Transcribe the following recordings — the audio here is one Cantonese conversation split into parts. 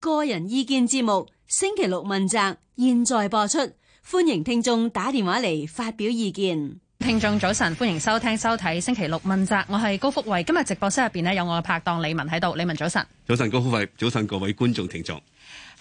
個人意見節目星期六問責，現在播出，歡迎聽眾打電話嚟發表意見。聽眾早晨，歡迎收聽收睇星期六問責，我係高福慧，今日直播室入邊咧有我嘅拍檔李文喺度，李文早晨。早晨高福慧，早晨各位觀眾聽眾。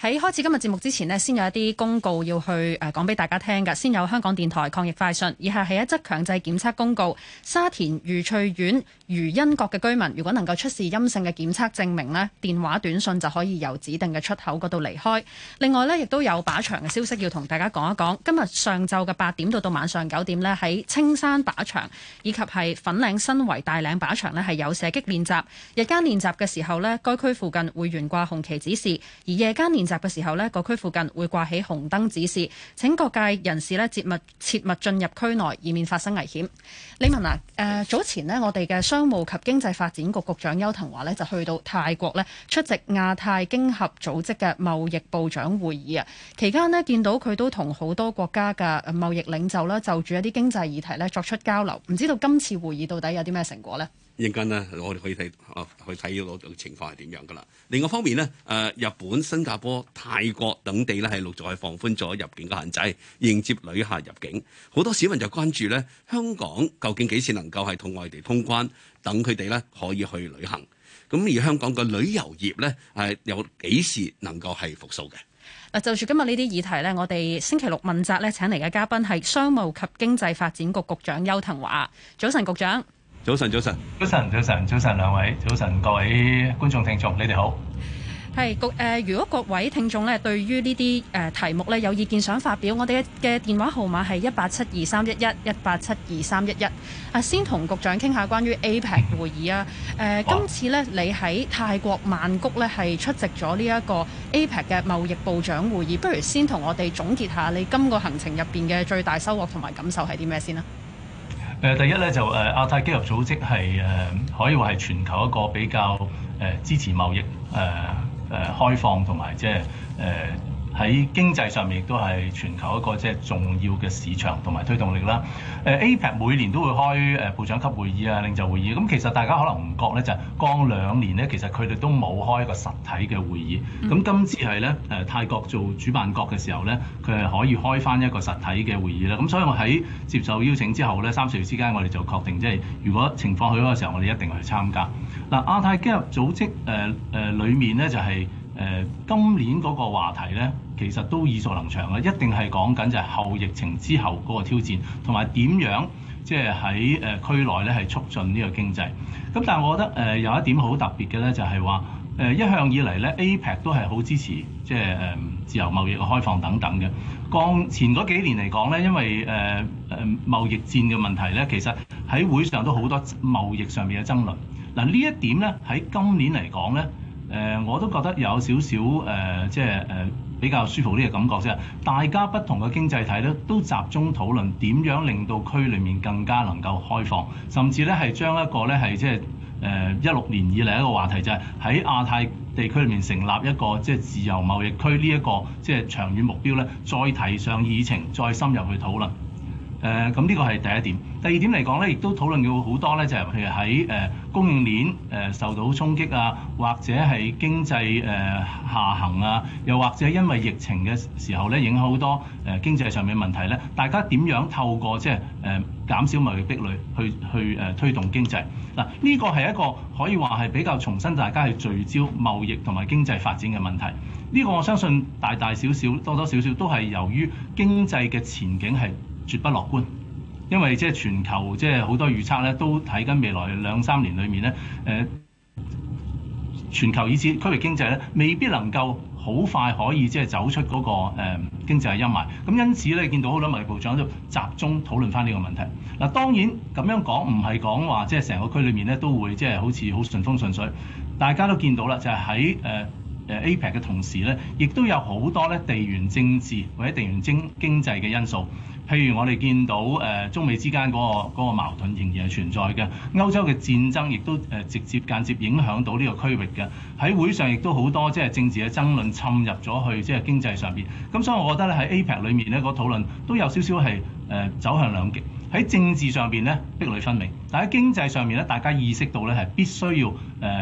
喺開始今日節目之前咧，先有一啲公告要去誒講俾大家聽㗎，先有香港電台抗疫快訊，以下係一則強制檢測公告，沙田愉翠苑。如英國嘅居民，如果能夠出示陰性嘅檢測證明，呢電話短信就可以由指定嘅出口嗰度離開。另外呢，亦都有靶場嘅消息要同大家講一講。今日上晝嘅八點到到晚上九點呢，喺青山靶場以及係粉嶺新圍大嶺靶場呢，係有射擊練習。日間練習嘅時候呢，該區附近會懸掛紅旗指示；而夜間練習嘅時候呢，各區附近會掛起紅燈指示。請各界人士呢，切勿切勿進入區內，以免發生危險。李文啊，誒、呃、早前呢，我哋嘅相。商務及經濟發展局局長邱騰華咧就去到泰國咧出席亞太經合組織嘅貿易部長會議啊，期間呢見到佢都同好多國家嘅貿易領袖啦，就住一啲經濟議題咧作出交流，唔知道今次會議到底有啲咩成果呢？一陣間呢，我哋可以睇，去睇嗰度情況係點樣噶啦。另外方面呢，誒、呃、日本、新加坡、泰國等地呢，係陸續係放寬咗入境嘅限制，迎接旅客入境。好多市民就關注呢，香港究竟幾時能夠係同外地通關，等佢哋呢可以去旅行。咁而香港嘅旅遊業呢，係有幾時能夠係復甦嘅？嗱，就住今日呢啲議題呢，我哋星期六問責呢，請嚟嘅嘉賓係商務及經濟發展局局，局長邱騰華。早晨，局長。早晨，早晨，早晨，早晨，早晨，兩位，早晨各位觀眾聽眾，你哋好。係，局誒，如果各位聽眾咧，對於呢啲誒題目咧有意見想發表，我哋嘅電話號碼係一八七二三一一一八七二三一一。啊，先同局長傾下關於 APEC 會議啊。誒、 呃，今次咧你喺泰國曼谷咧係出席咗呢一個 APEC 嘅貿易部長會議，不如先同我哋總結下你今個行程入邊嘅最大收穫同埋感受係啲咩先啦。呃、第一咧就誒、呃、亞太經合組織係、呃、可以話係全球一個比較、呃、支持貿易、呃呃、開放同埋喺經濟上面亦都係全球一個即係重要嘅市場同埋推動力啦。誒 APEC 每年都會開誒部長級會議啊、領袖會議。咁其實大家可能唔覺咧，就係過兩年咧，其實佢哋都冇開一個實體嘅會議。咁、嗯、今次係咧誒泰國做主辦國嘅時候咧，佢係可以開翻一個實體嘅會議咧。咁所以我喺接受邀請之後咧，三四月之間我哋就確定即係如果情況去好嗰個時候，我哋一定去參加。嗱亞太經合組織誒誒裡面咧就係、是。誒、呃、今年嗰個話題咧，其實都耳熟能長耳熟能詳啦，一定係講緊就係後疫情之後嗰個挑戰，同埋點樣即係喺誒區內呢係促進呢個經濟。咁但係我覺得誒、呃、有一點好特別嘅呢，就係話誒一向以嚟呢 APEC 都係好支持即係、就是呃、自由貿易嘅開放等等嘅。剛前嗰幾年嚟講呢，因為誒誒、呃、貿易戰嘅問題呢，其實喺會上都好多貿易上面嘅爭論。嗱、呃、呢一點呢，喺今年嚟講呢。誒，我都覺得有少少誒，即係誒比較舒服啲嘅感覺啫。大家不同嘅經濟體咧，都集中討論點樣令到區裡面更加能夠開放，甚至咧係將一個咧係即係誒一六年以嚟一個話題就係、是、喺亞太地區裡面成立一個即係、就是、自由貿易區呢、這、一個即係、就是、長遠目標咧，再提上議程，再深入去討論。誒，咁呢個係第一點。第二點嚟講呢，亦都討論到好多呢，就係譬如喺誒供應鏈誒受到衝擊啊，或者係經濟誒下行啊，又或者因為疫情嘅時候呢，影響好多誒經濟上面嘅問題呢，大家點樣透過即係誒減少貿易壁壘去去誒推動經濟嗱？呢個係一個可以話係比較重新大家係聚焦貿易同埋經濟發展嘅問題。呢個我相信大大小小多多少少都係由於經濟嘅前景係絕不樂觀，因為即係全球即係好多預測咧，都睇緊未來兩三年裡面咧，誒全球以至區域經濟咧，未必能夠好快可以即係走出嗰個誒經濟嘅陰霾。咁因此咧，見到好多貿易部長都集中討論翻呢個問題。嗱，當然咁樣講唔係講話即係成個區裡面咧都會即係好似好順風順水，大家都見到啦，就係喺誒誒 APEC 嘅同時咧，亦都有好多咧地緣政治或者地緣經經濟嘅因素。譬如我哋見到誒中美之間嗰個矛盾仍然係存在嘅，歐洲嘅戰爭亦都誒直接間接影響到呢個區域嘅。喺會上亦都好多即係政治嘅爭論侵入咗去即係經濟上邊。咁所以我覺得咧，喺 APEC 裏面咧，個討論都有少少係誒走向兩極。喺政治上邊咧，壁壘分明，但喺經濟上面咧，大家意識到咧，係必須要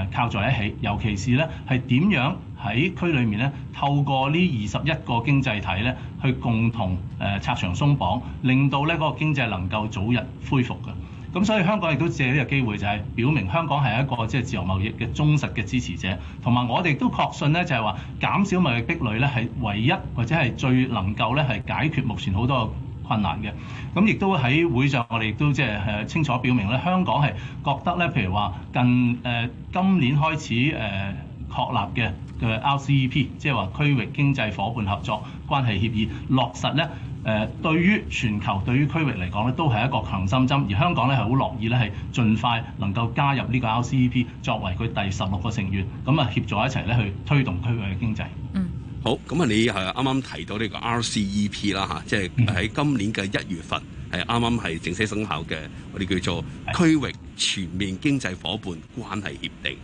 誒靠在一起，尤其是咧係點樣？喺區裏面咧，透過呢二十一個經濟體咧，去共同誒拆牆鬆綁，令到咧嗰、那個經濟能夠早日恢復嘅。咁所以香港亦都借呢個機會，就係表明香港係一個即係自由貿易嘅忠實嘅支持者，同埋我哋都確信咧，就係、是、話減少貿易壁壘咧，係唯一或者係最能夠咧係解決目前好多困難嘅。咁亦都喺會上，我哋亦都即係係清楚表明咧，香港係覺得咧，譬如話近誒、呃、今年開始誒、呃、確立嘅嘅 RCEP，即係話區域經濟伙伴合作關係協議落實咧，誒、呃、對於全球對於區域嚟講咧都係一個強心針，而香港咧係好樂意咧係盡快能夠加入呢個 RCEP 作為佢第十六個成員，咁啊協助一齊咧去推動區域嘅經濟。嗯，好，咁啊你係啱啱提到呢個 RCEP 啦吓？即係喺今年嘅一月份係啱啱係正式生效嘅，我哋叫做區域全面經濟伙伴關係協定。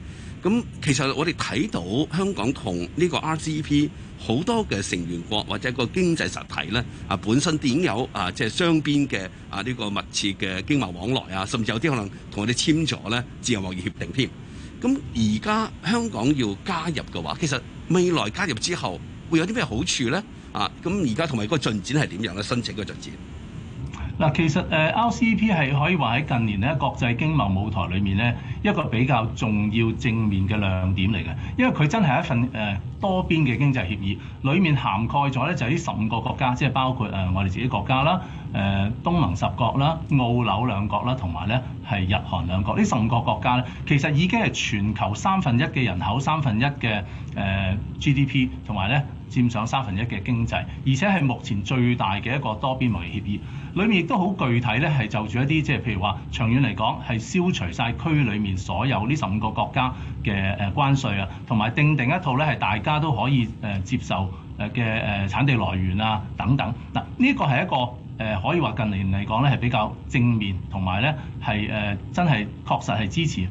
咁其實我哋睇到香港同呢個 RCEP 好多嘅成員國或者個經濟實體咧，啊本身已經有啊即係雙邊嘅啊呢個密切嘅經貿往來啊，甚至有啲可能同我哋簽咗咧自由貿易協定添。咁而家香港要加入嘅話，其實未來加入之後會有啲咩好處咧？啊，咁而家同埋嗰個進展係點樣咧？申請嗰個進展？嗱，其實誒 RCEP 係可以話喺近年咧國際經貿舞台裏面咧一個比較重要正面嘅亮點嚟嘅，因為佢真係一份誒多邊嘅經濟協議，裡面涵蓋咗咧就係呢十五個國家，即係包括誒我哋自己國家啦、誒東盟十國啦、澳紐兩國啦，同埋咧係日韓兩國。呢十五個國家咧，其實已經係全球三分一嘅人口、三分一嘅誒 GDP，同埋咧，佔上三分一嘅經濟，而且係目前最大嘅一個多邊貿易協議，裏面亦都好具體咧，係就住一啲即係譬如話長遠嚟講係消除晒區裏面所有呢十五個國家嘅誒關稅啊，同埋訂定一套咧係大家都可以誒接受誒嘅誒產地來源啊等等。嗱呢個係一個誒可以話近年嚟講咧係比較正面，同埋咧係誒真係確實係支持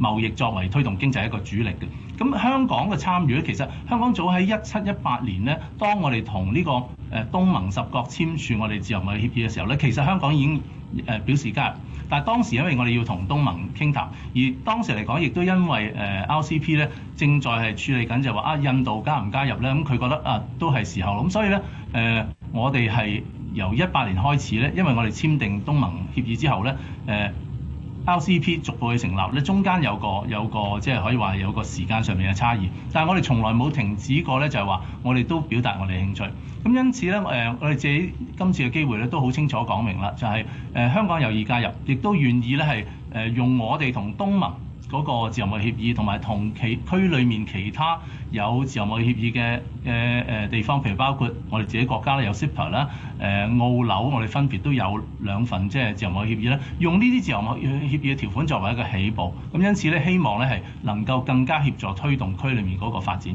貿易作為推動經濟一個主力嘅。咁香港嘅參與咧，其實香港早喺一七一八年咧，當我哋同呢個誒東盟十國簽署我哋自由貿易協議嘅時候咧，其實香港已經誒表示加入。但係當時因為我哋要同東盟傾談，談，而當時嚟講亦都因為誒 RCEP 咧正在係處理緊，就話、是、啊印度加唔加入咧？咁佢覺得啊都係時候，咁所以咧誒、呃、我哋係由一八年開始咧，因為我哋簽訂東盟協議之後咧，誒、呃。RCEP 逐步去成立咧，中間有個有個即係可以話有個時間上面嘅差異，但係我哋從來冇停止過咧，就係話我哋都表達我哋嘅興趣。咁因此咧，誒、呃、我哋自己今次嘅機會咧都好清楚講明啦，就係、是、誒、呃、香港有意加入，亦都願意咧係誒用我哋同東盟。嗰個自由貿易協議，同埋同其區裏面其他有自由貿易協議嘅嘅誒地方，譬如包括我哋自己國家咧，有 CEPA 啦，誒澳紐，我哋分別都有兩份即係自由貿易協議咧，用呢啲自由貿易協議嘅條款作為一個起步，咁因此咧，希望咧係能夠更加協助推動區裏面嗰個發展。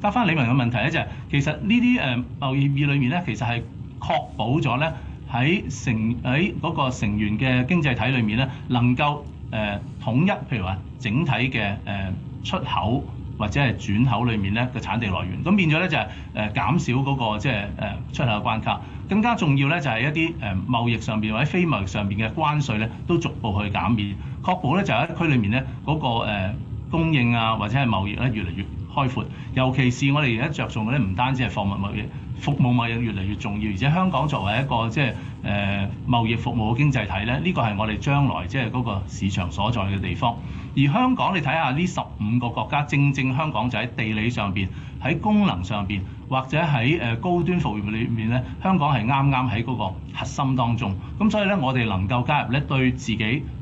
答翻李文嘅問題咧、就係，就其實呢啲誒貿易協議裏面咧，其實係確保咗咧喺成喺嗰個成員嘅經濟體裏面咧，能夠。誒、呃、統一，譬如話整體嘅誒、呃、出口或者係轉口裏面咧，個產地來源，咁變咗咧就係、是、誒、呃、減少嗰、那個即係誒出口嘅關卡，更加重要咧就係、是、一啲誒貿易上邊或者非貿易上邊嘅關稅咧都逐步去減免，確保咧就喺、是、區裏面咧嗰、那個、呃、供應啊或者係貿易咧越嚟越開闊，尤其是我哋而家着重嘅咧唔單止係貨物貿易。服務貿易越嚟越重要，而且香港作為一個即係誒貿易服務嘅經濟體咧，呢個係我哋將來即係嗰個市場所在嘅地方。而香港你睇下呢十五個國家，正正香港就喺地理上面，喺功能上面，或者喺誒高端服務裏面咧，香港係啱啱喺嗰個核心當中。咁所以咧，我哋能夠加入咧，對自己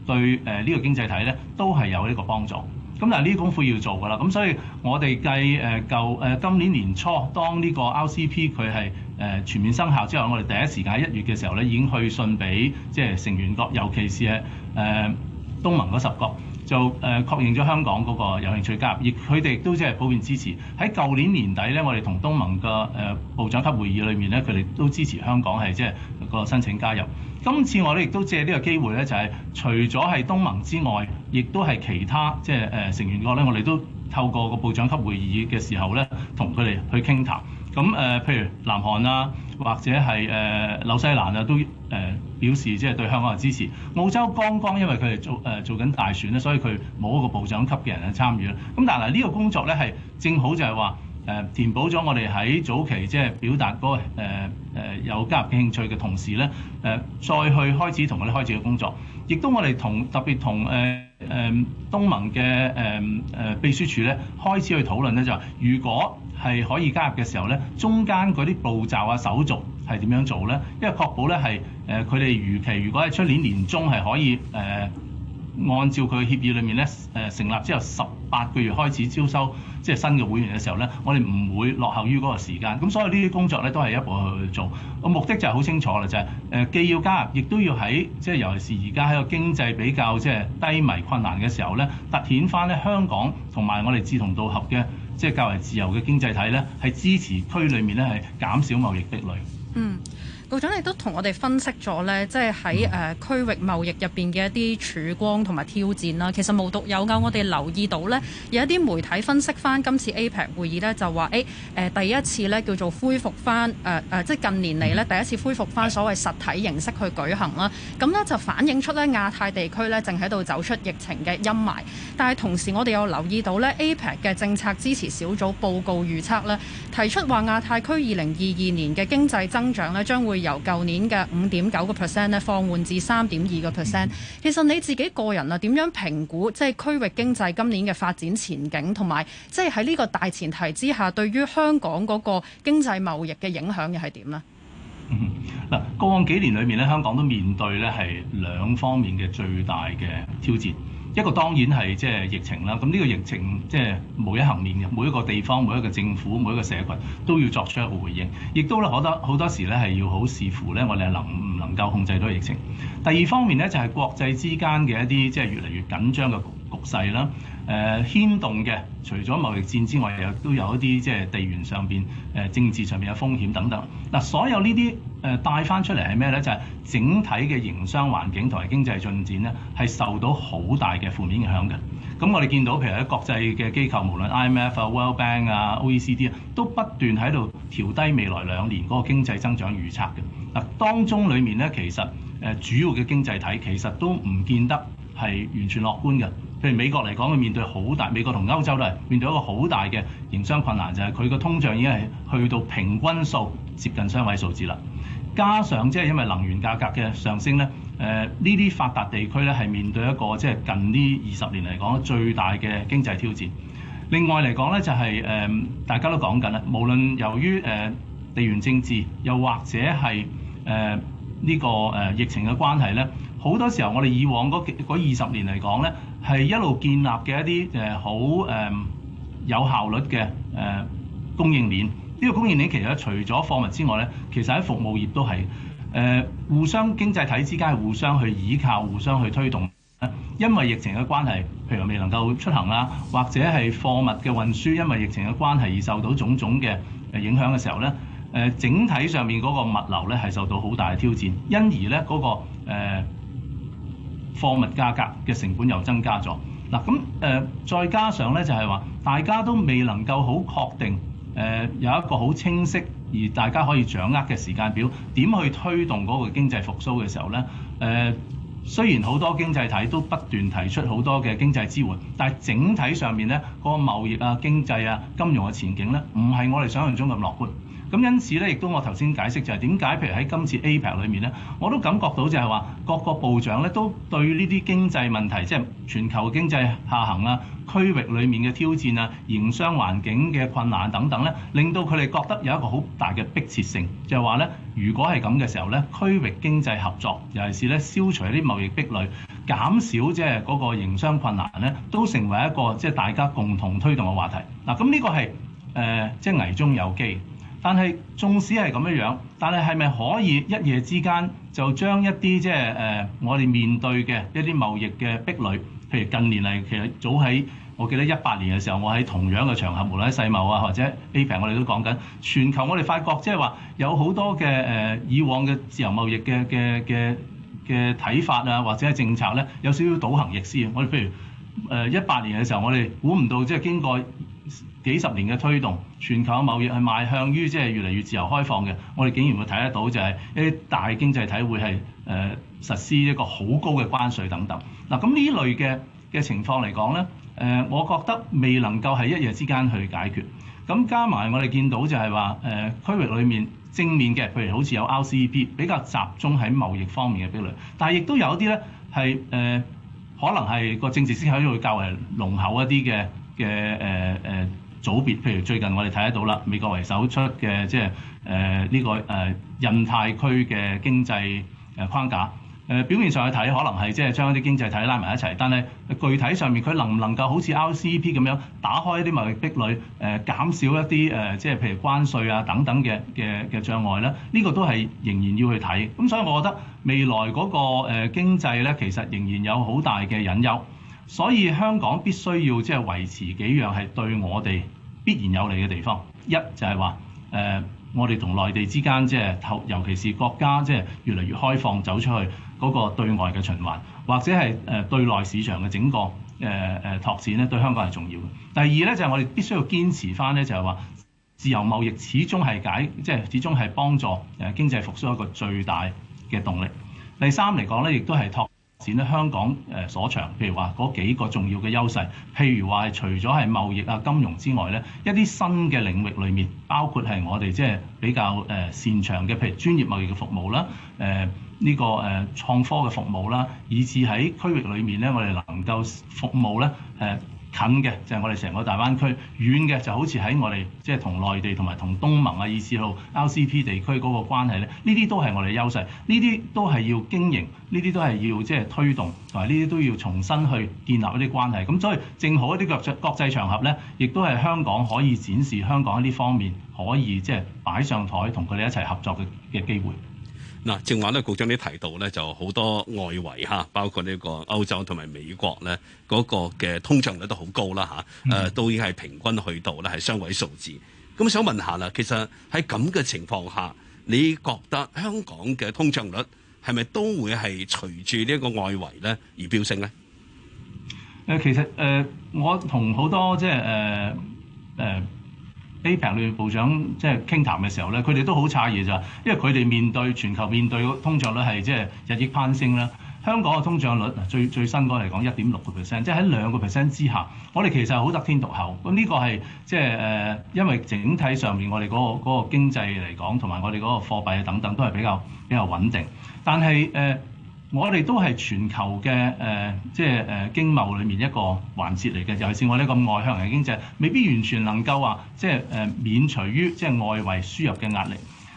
對誒呢個經濟體咧，都係有呢個幫助。咁但係呢啲功夫要做㗎啦，咁所以我哋計誒舊誒今年年初，當呢個 RCEP 佢係誒全面生效之後，我哋第一時間一月嘅時候咧，已經去信俾即係成員國，尤其是係誒、呃、東盟嗰十國，就誒、呃、確認咗香港嗰個有興趣加入，亦佢哋亦都即係普遍支持。喺舊年年底咧，我哋同東盟嘅誒、呃、部長級會議裏面咧，佢哋都支持香港係即係個申請加入。今次我哋亦都借呢個機會咧，就係除咗係東盟之外，亦都係其他即係誒成員國咧，我哋都透過個部長級會議嘅時候咧，同佢哋去傾談，談。咁誒，譬如南韓啊，或者係誒紐西蘭啊，都誒表示即係對香港嘅支持。澳洲剛剛因為佢哋做誒做緊大選咧，所以佢冇一個部長級嘅人去參與啦。咁但係呢個工作咧係正好就係話。填補咗我哋喺早期即係表達嗰誒誒有加入嘅興趣嘅同時呢，誒、呃、再去開始同佢哋開始嘅工作，亦都我哋同特別同誒誒東盟嘅誒誒秘書處呢開始去討論呢，就係、是、如果係可以加入嘅時候呢，中間嗰啲步驟啊手續係點樣做呢？因為確保呢係誒佢哋如期，如果係出年年中係可以誒、呃、按照佢協議裏面呢誒、呃、成立之後十八個月開始招收，即係新嘅會員嘅時候呢，我哋唔會落後於嗰個時間，咁所以呢啲工作呢，都係一步去做。個目的就係好清楚啦，就係、誒、既要加入，亦都要喺即係尤其是而家喺個經濟比較即係低迷困難嘅時候呢，凸顯翻呢香港同埋我哋志同道合嘅即係較為自由嘅經濟體呢，係支持區裏面呢，係減少貿易壁壘。嗯。部長亦都同我哋分析咗呢即係喺誒區域貿易入邊嘅一啲曙光同埋挑戰啦。其實無獨有偶，我哋留意到呢，有一啲媒體分析翻今次 APEC 會議呢，就話誒誒第一次咧叫做恢復翻誒誒，即係近年嚟咧第一次恢復翻所謂實體形式去舉行啦。咁呢就反映出咧亞太地區咧正喺度走出疫情嘅陰霾。但係同時我哋又留意到呢 APEC 嘅政策支持小組報告預測咧，提出話亞太區二零二二年嘅經濟增長咧將會，由舊年嘅五點九個 percent 咧放緩至三點二個 percent。其實你自己個人啊，點樣評估即係區域經濟今年嘅發展前景，同埋即係喺呢個大前提之下，對於香港嗰個經濟貿易嘅影響又係點呢？嗯，嗱，過往幾年裏面咧，香港都面對咧係兩方面嘅最大嘅挑戰。一個當然係即係疫情啦，咁呢個疫情即係無一幸免嘅，每一個地方、每一個政府、每一個社群都要作出一個回應，亦都咧，我覺得好多時咧係要好視乎咧，我哋能唔能夠控制到疫情。第二方面咧就係國際之間嘅一啲即係越嚟越緊張嘅局勢啦。誒、呃、牽動嘅，除咗貿易戰之外，又都有一啲即係地緣上面、誒、呃、政治上面嘅風險等等。嗱、呃，所有呢啲誒帶返出嚟係咩呢？就係、是、整體嘅營商環境同埋經濟進展呢，係受到好大嘅負面影響嘅。咁我哋見到，譬如喺國際嘅機構，無論 IMF 啊、World Bank 啊、OECD 啊，都不斷喺度調低未來兩年嗰個經濟增長預測嘅。嗱、呃，當中裡面呢，其實誒、呃、主要嘅經濟體其實都唔見得係完全樂觀嘅。譬如美國嚟講，佢面對好大，美國同歐洲都係面對一個好大嘅營商困難，就係佢個通脹已經係去到平均數接近雙位數字啦。加上即係因為能源價格嘅上升咧，誒呢啲發達地區咧係面對一個即係、就是、近呢二十年嚟講最大嘅經濟挑戰。另外嚟講咧就係、是、誒、呃、大家都講緊啦，無論由於誒、呃、地緣政治又或者係誒呢個誒、呃、疫情嘅關係咧，好多時候我哋以往嗰二十年嚟講咧。係一路建立嘅一啲誒好誒有效率嘅誒供應鏈。呢個供應鏈其實除咗貨物之外咧，其實喺服務業都係誒互相經濟體之間互相去依靠、互相去推動。因為疫情嘅關係，譬如未能夠出行啦，或者係貨物嘅運輸，因為疫情嘅關係而受到種種嘅誒影響嘅時候咧，誒整體上面嗰個物流咧係受到好大嘅挑戰，因而咧、那、嗰個貨物價格嘅成本又增加咗嗱，咁誒、呃、再加上呢，就係、是、話大家都未能夠好確定誒、呃、有一個好清晰而大家可以掌握嘅時間表點去推動嗰個經濟復甦嘅時候呢，誒、呃，雖然好多經濟體都不斷提出好多嘅經濟支援，但係整體上面呢，個貿易啊、經濟啊、金融嘅前景呢，唔係我哋想象中咁樂觀。咁因此咧，亦都我頭先解釋就係點解，譬如喺今次 APEC 裏面咧，我都感覺到就係話各個部長咧都對呢啲經濟問題，即係全球經濟下行啊、區域裏面嘅挑戰啊、營商環境嘅困難等等咧，令到佢哋覺得有一個好大嘅迫切性，就係話咧，如果係咁嘅時候咧，區域經濟合作，尤其是咧消除啲貿易壁壘、減少即係嗰個營商困難咧，都成為一個即係大家共同推動嘅話題。嗱，咁呢個係誒即係危中有機。但係，縱使係咁樣樣，但係係咪可以一夜之間就將一啲即係誒我哋面對嘅一啲貿易嘅壁壘。譬如近年嚟，其實早喺我記得一八年嘅時候，我喺同樣嘅場合，無論喺世貿啊或者 APEC、ER、我哋都講緊全球，我哋發覺即係話有好多嘅誒、呃、以往嘅自由貿易嘅嘅嘅嘅睇法啊，或者係政策咧，有少少倒行逆施。我哋譬如誒一八年嘅時候，我哋估唔到即係、就是、經過。幾十年嘅推動，全球嘅貿易係邁向於即係越嚟越自由開放嘅。我哋竟然會睇得到就係一啲大經濟體會係誒、呃、實施一個好高嘅關稅等等。嗱、啊，咁呢類嘅嘅情況嚟講咧，誒、呃，我覺得未能夠喺一夜之間去解決。咁加埋我哋見到就係話誒區域裡面正面嘅，譬如好似有 R C E P，比較集中喺貿易方面嘅嗰類。但係亦都有一啲咧係誒可能係個政治色彩會較為濃厚一啲嘅嘅誒誒組別，譬如最近我哋睇得到啦，美國為首出嘅即係誒呢個誒、呃、印太區嘅經濟誒框架。誒、呃、表面上去睇，可能係即係將一啲經濟體拉埋一齊，但係具體上面佢能唔能夠好似 RCEP 咁樣打開一啲貿易壁壘，誒、呃、減少一啲誒即係譬如關稅啊等等嘅嘅嘅障礙咧？呢、這個都係仍然要去睇。咁所以我覺得未來嗰、那個誒、呃、經濟咧，其實仍然有好大嘅隱憂。所以香港必須要即係維持幾樣係對我哋必然有利嘅地方，一就係話，誒，我哋同內地之間，即係透，尤其是國家即係越嚟越開放走出去嗰個對外嘅循環，或者係誒對內市場嘅整個誒誒拓展咧，對香港係重要嘅。第二咧就係我哋必須要堅持翻咧，就係話自由貿易始終係解，即係始終係幫助誒經濟復甦一個最大嘅動力。第三嚟講咧，亦都係托。展香港誒所長，譬如話嗰幾個重要嘅優勢，譬如話除咗係貿易啊、金融之外咧，一啲新嘅領域裏面，包括係我哋即係比較誒擅長嘅，譬如專業貿易嘅服務啦，誒、呃、呢、呢個誒、呃、創科嘅服務啦，以至喺區域裏面咧，我哋能夠服務咧誒。呃近嘅就係我哋成個大灣區，遠嘅就好似喺我哋即係同內地同埋同東盟啊、伊斯路、L C P 地區嗰個關係咧，呢啲都係我哋嘅優勢，呢啲都係要經營，呢啲都係要即係推動，同埋呢啲都要重新去建立一啲關係。咁所以正好一啲國際國際場合咧，亦都係香港可以展示香港喺呢方面可以即係擺上台同佢哋一齊合作嘅嘅機會。嗱，正話咧，局長你提到咧，就好多外圍嚇，包括呢個歐洲同埋美國咧，嗰、那個嘅通脹率都好高啦吓，誒、啊、都已經係平均去到咧係雙位數字。咁想問下啦，其實喺咁嘅情況下，你覺得香港嘅通脹率係咪都會係隨住呢一個外圍咧而飆升咧？誒，其實誒，我同好多即係誒誒。呃呃 A 平類部長即係傾談嘅時候咧，佢哋都好詫異，就因為佢哋面對全球面對通脹率係即係日益攀升啦。香港嘅通脹率最最新個嚟講一點六個 percent，即係喺兩個 percent 之下，我哋其實好得天獨厚。咁呢個係即係誒，因為整體上面我哋嗰個嗰個經濟嚟講，同埋我哋嗰個貨幣啊等等都係比較比較穩定。但係誒。呃我哋都係全球嘅誒、呃，即係誒、呃、經貿裏面一個環節嚟嘅。尤其是我呢個外向型經濟，未必完全能夠話即係誒、呃、免除於即係外圍輸入嘅壓力。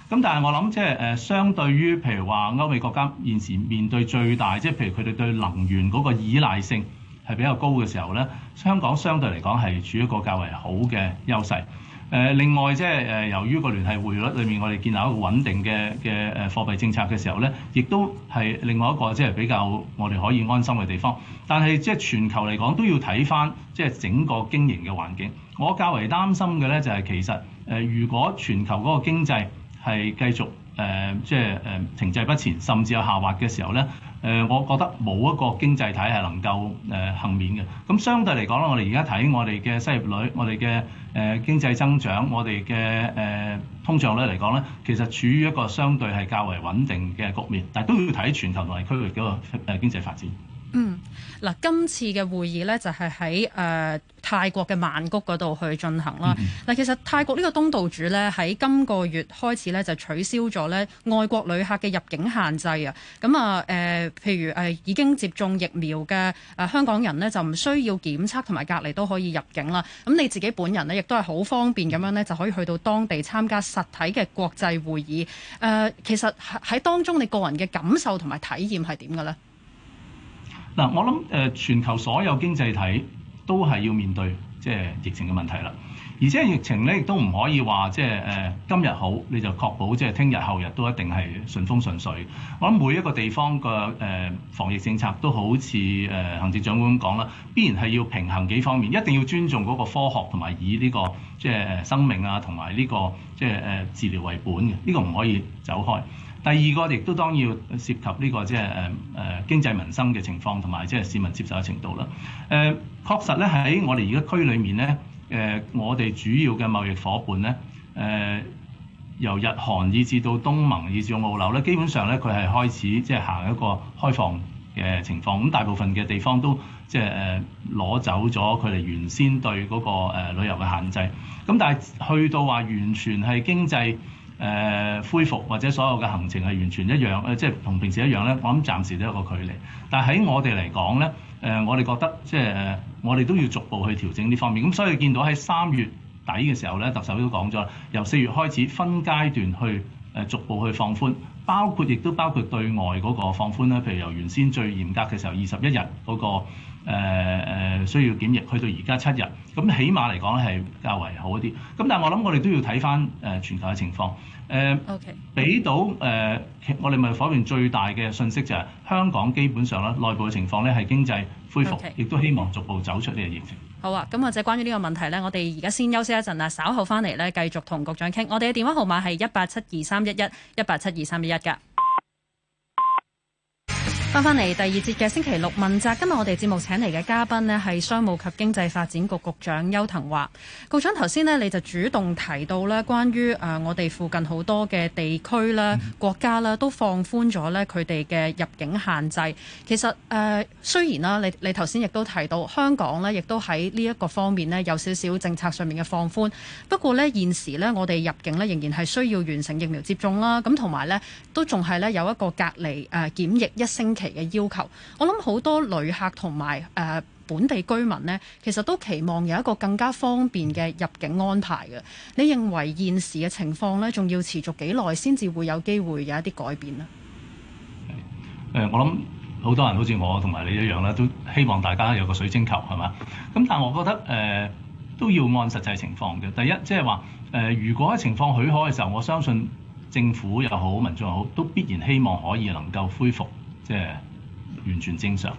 咁但係我諗即係誒、呃，相對於譬如話歐美國家現時面對最大即係譬如佢哋對能源嗰個依賴性係比較高嘅時候咧，香港相對嚟講係處於一個較為好嘅優勢。誒，另外即係誒，由於個聯繫匯率裏面，我哋建立一個穩定嘅嘅誒貨幣政策嘅時候咧，亦都係另外一個即係比較我哋可以安心嘅地方。但係即係全球嚟講，都要睇返即係整個經營嘅環境。我較為擔心嘅咧就係其實誒，如果全球嗰個經濟係繼續誒即係誒停滯不前，甚至有下滑嘅時候咧。誒，我覺得冇一個經濟體係能夠誒、呃、幸免嘅。咁相對嚟講咧，我哋而家睇我哋嘅失業率、我哋嘅誒經濟增長、我哋嘅誒通脹率嚟講咧，其實處於一個相對係較為穩定嘅局面，但係都要睇全球同埋區域嗰個誒經濟發展。嗯，嗱，今次嘅會議呢，就係喺誒泰國嘅曼谷嗰度去進行啦。嗱、嗯，其實泰國呢個東道主呢，喺今個月開始呢，就取消咗呢外國旅客嘅入境限制啊。咁啊誒，譬、呃、如誒、呃、已經接種疫苗嘅、呃、香港人呢，就唔需要檢測同埋隔離都可以入境啦。咁、嗯、你自己本人呢，亦都係好方便咁樣呢，就可以去到當地參加實體嘅國際會議。誒、呃，其實喺當中你個人嘅感受同埋體驗係點嘅呢？嗱，我諗誒全球所有經濟體都係要面對即係疫情嘅問題啦，而且疫情咧亦都唔可以話即係誒今日好你就確保即係聽日後日都一定係順風順水。我諗每一個地方嘅誒防疫政策都好似誒行政長官講啦，必然係要平衡幾方面，一定要尊重嗰個科學同埋以呢個即係誒生命啊同埋呢個即係誒治療為本嘅，呢個唔可以走開。第二個亦都當要涉及呢個即係誒誒經濟民生嘅情況同埋即係市民接受嘅程度啦。誒、呃、確實咧喺我哋而家區裏面咧，誒、呃、我哋主要嘅貿易夥伴咧，誒、呃、由日韓以至到東盟以至澳紐咧，基本上咧佢係開始即係行一個開放嘅情況。咁大部分嘅地方都即係誒攞走咗佢哋原先對嗰、那個、呃、旅遊嘅限制。咁但係去到話完全係經濟。誒、呃、恢復或者所有嘅行程係完全一樣，誒、呃、即係同平時一樣呢我諗暫時都有個距離。但係喺我哋嚟講呢誒、呃、我哋覺得即係我哋都要逐步去調整呢方面。咁、嗯、所以見到喺三月底嘅時候呢特首都講咗，由四月開始分階段去、呃、逐步去放寬，包括亦都包括對外嗰個放寬咧。譬如由原先最嚴格嘅時候二十一日嗰、那個。誒誒、呃、需要檢疫，去到而家七日，咁起碼嚟講係較為好一啲。咁但係我諗我哋都要睇翻誒全球嘅情況。誒、呃，俾 Okay. 到誒、呃，我哋咪否認最大嘅信息就係、是、香港基本上咧內部嘅情況咧係經濟恢復，Okay. 亦都希望逐步走出呢個疫情。好啊，咁或者關於呢個問題咧，我哋而家先休息一陣啦，稍後翻嚟咧繼續同局長傾。我哋嘅電話號碼係一八七二三一一一八七二三一一嘅。翻返嚟第二節嘅星期六問責，今日我哋節目請嚟嘅嘉賓咧係商務及經濟發展局局長邱騰華。局長頭先咧你就主動提到咧關於誒我哋附近好多嘅地區咧國家啦都放寬咗咧佢哋嘅入境限制。其實誒、呃、雖然啦，你你頭先亦都提到香港咧，亦都喺呢一個方面咧有少少政策上面嘅放寬。不過咧現時咧我哋入境咧仍然係需要完成疫苗接種啦，咁同埋咧都仲係咧有一個隔離誒、呃、檢疫一星期。嘅要求，我諗好多旅客同埋誒本地居民呢，其實都期望有一個更加方便嘅入境安排嘅。你認為現時嘅情況呢，仲要持續幾耐先至會有機會有一啲改變呢？誒、呃，我諗好多人好似我同埋你一樣啦，都希望大家有個水晶球係嘛？咁但係我覺得誒、呃、都要按實際情況嘅。第一，即係話誒，如果情況許可嘅時候，我相信政府又好，民眾又好，都必然希望可以能夠恢復。即係完全正常。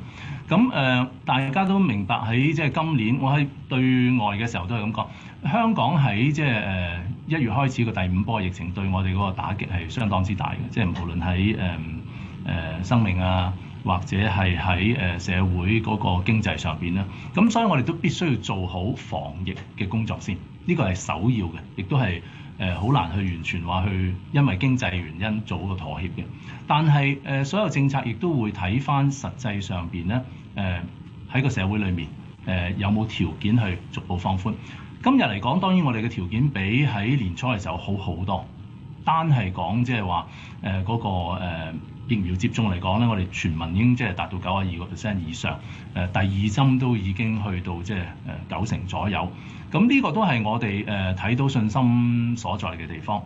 咁誒、呃，大家都明白喺即係今年，我喺對外嘅時候都係咁講。香港喺即係誒一月開始個第五波疫情對我哋嗰個打擊係相當之大嘅。即係無論喺誒誒生命啊，或者係喺誒社會嗰個經濟上邊啦。咁所以我哋都必須要做好防疫嘅工作先，呢、這個係首要嘅，亦都係。誒好、呃、難去完全話去，因為經濟原因做一個妥協嘅。但係誒、呃、所有政策亦都會睇翻實際上邊咧，誒、呃、喺個社會裡面誒、呃、有冇條件去逐步放寬。今日嚟講，當然我哋嘅條件比喺年初嘅時候好好多。單係講即係話誒嗰個、呃、疫苗接種嚟講咧，我哋全民已經即係達到九十二個 percent 以上，誒、呃、第二針都已經去到即係誒九成左右。咁呢個都係我哋誒睇到信心所在嘅地方，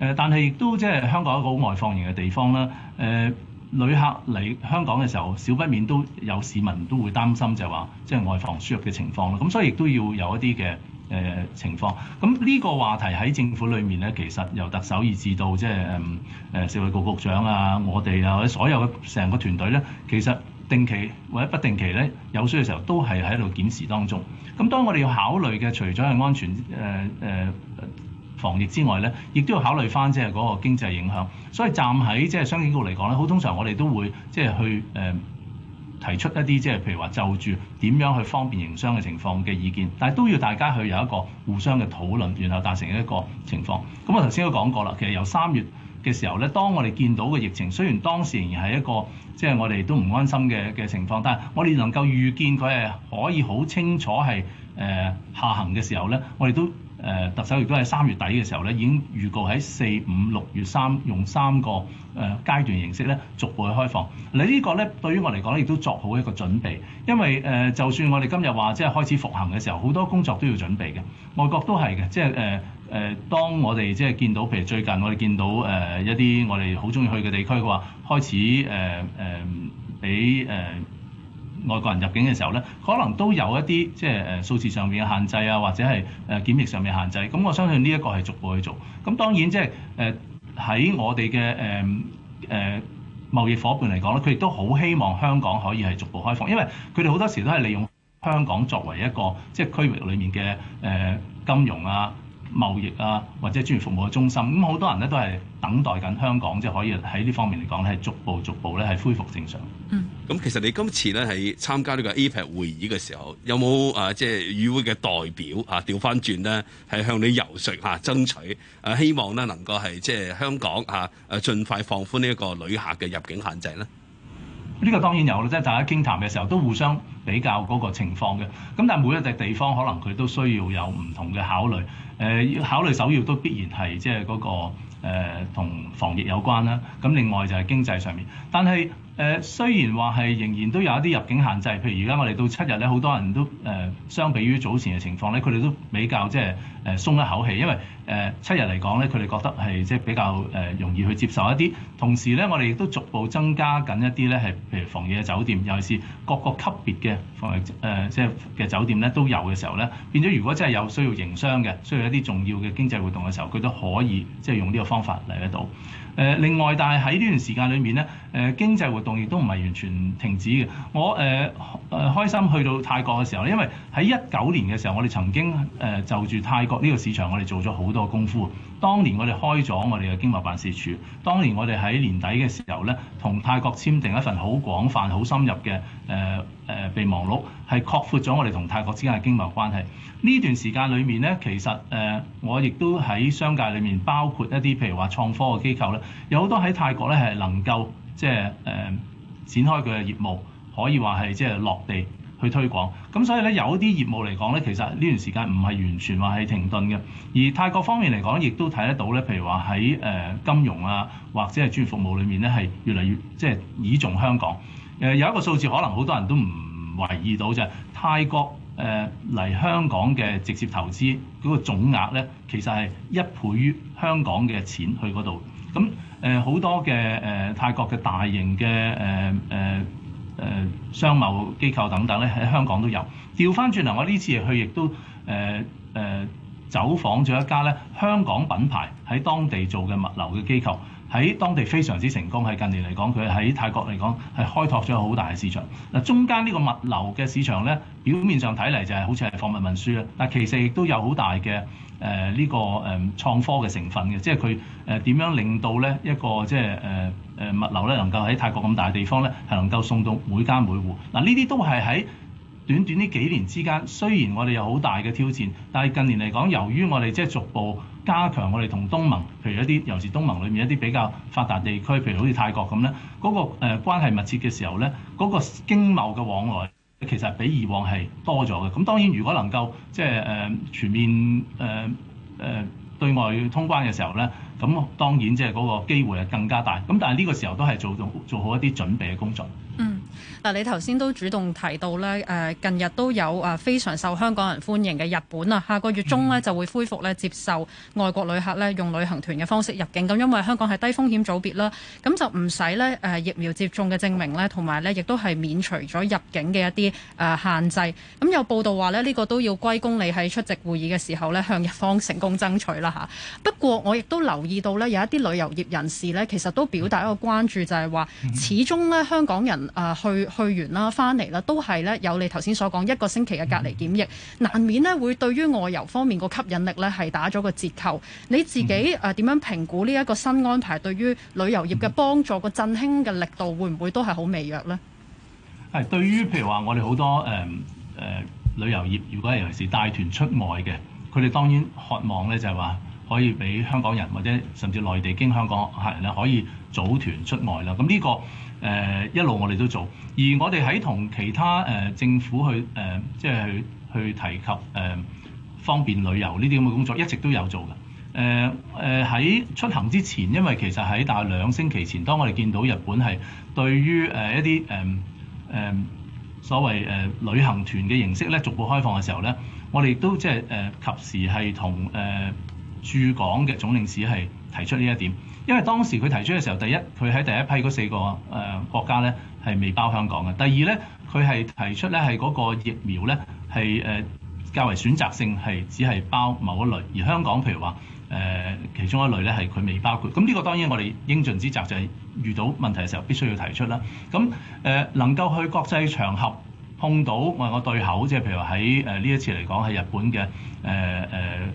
誒但係亦都即係香港一個好外放型嘅地方啦、呃，誒旅客嚟香港嘅時候，少不免都有市民都會擔心就係話，即係外防輸入嘅情況咯，咁所以亦都要有一啲嘅誒情況，咁呢個話題喺政府裏面咧，其實由特首以至到即係誒社會局局長啊，我哋啊，或者所有嘅成個團隊咧，其實。定期或者不定期咧，有需要嘅時候都係喺度檢視當中。咁當我哋要考慮嘅除咗係安全誒誒、呃呃、防疫之外咧，亦都要考慮翻即係嗰個經濟影響。所以站喺即係商經局嚟講咧，好通常我哋都會即係去誒、呃、提出一啲即係譬如話就住點樣去方便營商嘅情況嘅意見，但係都要大家去有一個互相嘅討論，然後達成一個情況。咁我頭先都講過啦，其實由三月嘅時候咧，當我哋見到嘅疫情，雖然當時仍然係一個即係、就是、我哋都唔安心嘅嘅情況，但係我哋能夠預見佢係可以好清楚係誒、呃、下行嘅時候咧，我哋都誒、呃、特首亦都喺三月底嘅時候咧，已經預告喺四五六月三用三個誒、呃、階段形式咧逐步去開放。你呢個咧對於我嚟講咧亦都作好一個準備，因為誒、呃、就算我哋今日話即係開始復行嘅時候，好多工作都要準備嘅，外國都係嘅，即係誒。呃誒，當我哋即係見到，譬如最近我哋見到誒一啲我哋好中意去嘅地區，佢話開始誒誒俾誒外國人入境嘅時候咧，可能都有一啲即係誒數字上面嘅限制啊，或者係誒檢疫上面嘅限制。咁我相信呢一個係逐步去做。咁當然即係誒喺我哋嘅誒誒貿易伙伴嚟講咧，佢亦都好希望香港可以係逐步開放，因為佢哋好多時都係利用香港作為一個即係、就是、區域裡面嘅誒、呃、金融啊。貿易啊，或者專業服務嘅中心，咁好多人咧都係等待緊香港，即係可以喺呢方面嚟講，係逐步逐步咧係恢復正常。嗯，咁其實你今次咧喺參加呢個 APEC 會議嘅時候，有冇啊即係與會嘅代表啊調翻轉呢，係向你游說嚇、啊、爭取啊，希望呢能夠係即係香港嚇誒、啊、盡快放寬呢一個旅客嘅入境限制咧？呢個當然有啦，即係大家傾談嘅時候都互相比較嗰個情況嘅。咁但係每一隻地方可能佢都需要有唔同嘅考慮。誒、呃，考慮首要都必然係即係嗰個同、呃、防疫有關啦。咁另外就係經濟上面，但係。誒雖然話係仍然都有一啲入境限制，譬如而家我哋到七日咧，好多人都誒、呃，相比於早前嘅情況咧，佢哋都比較即係誒鬆一口氣，因為誒、呃、七日嚟講咧，佢哋覺得係即係比較誒容易去接受一啲。同時咧，我哋亦都逐步增加緊一啲咧係譬如防疫嘅酒店，尤其是各個級別嘅防疫誒即係嘅酒店咧都有嘅時候咧，變咗如果真係有需要營商嘅，需要一啲重要嘅經濟活動嘅時候，佢都可以即係用呢個方法嚟得到。另外，但係喺呢段時間裏面咧，誒、呃、經濟活動亦都唔係完全停止嘅。我誒誒、呃、開心去到泰國嘅時候，因為喺一九年嘅時候，我哋曾經誒、呃、就住泰國呢個市場，我哋做咗好多功夫。當年我哋開咗我哋嘅經貿辦事處。當年我哋喺年底嘅時候呢，同泰國簽訂一份好廣泛、好深入嘅誒誒備忘錄，係擴闊咗我哋同泰國之間嘅經貿關係。呢段時間裏面呢，其實誒、呃、我亦都喺商界裏面，包括一啲譬如話創科嘅機構呢，有好多喺泰國呢係能夠即係誒展開佢嘅業務，可以話係即係落地，去推廣，咁所以咧有啲業務嚟講咧，其實呢段時間唔係完全話係停頓嘅。而泰國方面嚟講，亦都睇得到咧，譬如話喺誒金融啊，或者係專業服務裏面咧，係越嚟越即係、就是、倚重香港。誒有一個數字，可能好多人都唔留意到就係、是、泰國誒嚟、呃、香港嘅直接投資嗰、那個總額咧，其實係一倍於香港嘅錢去嗰度。咁誒好多嘅誒、呃、泰國嘅大型嘅誒誒。呃呃誒商貿機構等等咧，喺香港都有。調翻轉嚟，我呢次去亦都誒誒、呃呃、走訪咗一家咧香港品牌喺當地做嘅物流嘅機構，喺當地非常之成功。喺近年嚟講，佢喺泰國嚟講係開拓咗好大嘅市場。嗱、啊，中間呢個物流嘅市場咧，表面上睇嚟就係好似係貨物運輸啦，但、啊、其實亦都有好大嘅。誒呢個誒創科嘅成分嘅，即係佢誒點樣令到咧一個即係誒誒物流咧能夠喺泰國咁大嘅地方咧，係能夠送到每家每戶。嗱呢啲都係喺短短呢幾年之間，雖然我哋有好大嘅挑戰，但係近年嚟講，由於我哋即係逐步加強我哋同東盟，譬如一啲尤其是東盟裏面一啲比較發達地區，譬如好似泰國咁咧，嗰個誒關係密切嘅時候咧，嗰個經貿嘅往來。其實比以往係多咗嘅，咁當然如果能夠即係誒全面誒誒、呃呃、對外通關嘅時候咧，咁當然即係嗰個機會係更加大，咁但係呢個時候都係做做做好一啲準備嘅工作。嗯。嗱，你頭先都主動提到咧，誒近日都有啊非常受香港人歡迎嘅日本啊，下個月中咧就會恢復咧接受外國旅客咧用旅行團嘅方式入境，咁因為香港係低風險組別啦，咁就唔使咧誒疫苗接種嘅證明咧，同埋咧亦都係免除咗入境嘅一啲誒限制。咁有報道話咧呢個都要歸功你喺出席會議嘅時候咧向日方成功爭取啦嚇。不過我亦都留意到咧有一啲旅遊業人士咧其實都表達一個關注，就係話始終咧香港人啊去。去完啦，翻嚟啦，都係咧有你頭先所講一個星期嘅隔離檢疫，嗯、難免咧會對於外遊方面個吸引力咧係打咗個折扣。嗯、你自己誒、啊、點樣評估呢一個新安排對於旅遊業嘅幫助個、嗯、振興嘅力度會唔會都係好微弱呢？係對於譬如話我哋好多誒誒、呃呃、旅遊業，如果係尤其是帶團出外嘅，佢哋當然渴望咧就係話可以俾香港人或者甚至內地經香港客人咧可以組團出外啦。咁呢、呢個誒、uh, 一路我哋都做，而我哋喺同其他誒、呃、政府去誒、呃，即係去去提及誒、呃、方便旅遊呢啲咁嘅工作，一直都有做嘅。誒誒喺出行之前，因為其實喺大約兩星期前，當我哋見到日本係對於誒一啲誒誒所謂誒、呃、旅行團嘅形式咧逐步開放嘅時候咧，我哋都即係誒、呃、及時係同誒駐港嘅總領事係提出呢一點。因為當時佢提出嘅時候，第一，佢喺第一批嗰四個誒國家咧係未包香港嘅。第二咧，佢係提出咧係嗰個疫苗咧係誒較為選擇性係只係包某一類，而香港譬如話誒、呃、其中一類咧係佢未包括。咁呢個當然我哋應盡之責就係遇到問題嘅時候必須要提出啦。咁誒、呃、能夠去國際場合碰到我嘅對口，即係譬如話喺誒呢一次嚟講係日本嘅誒誒。呃呃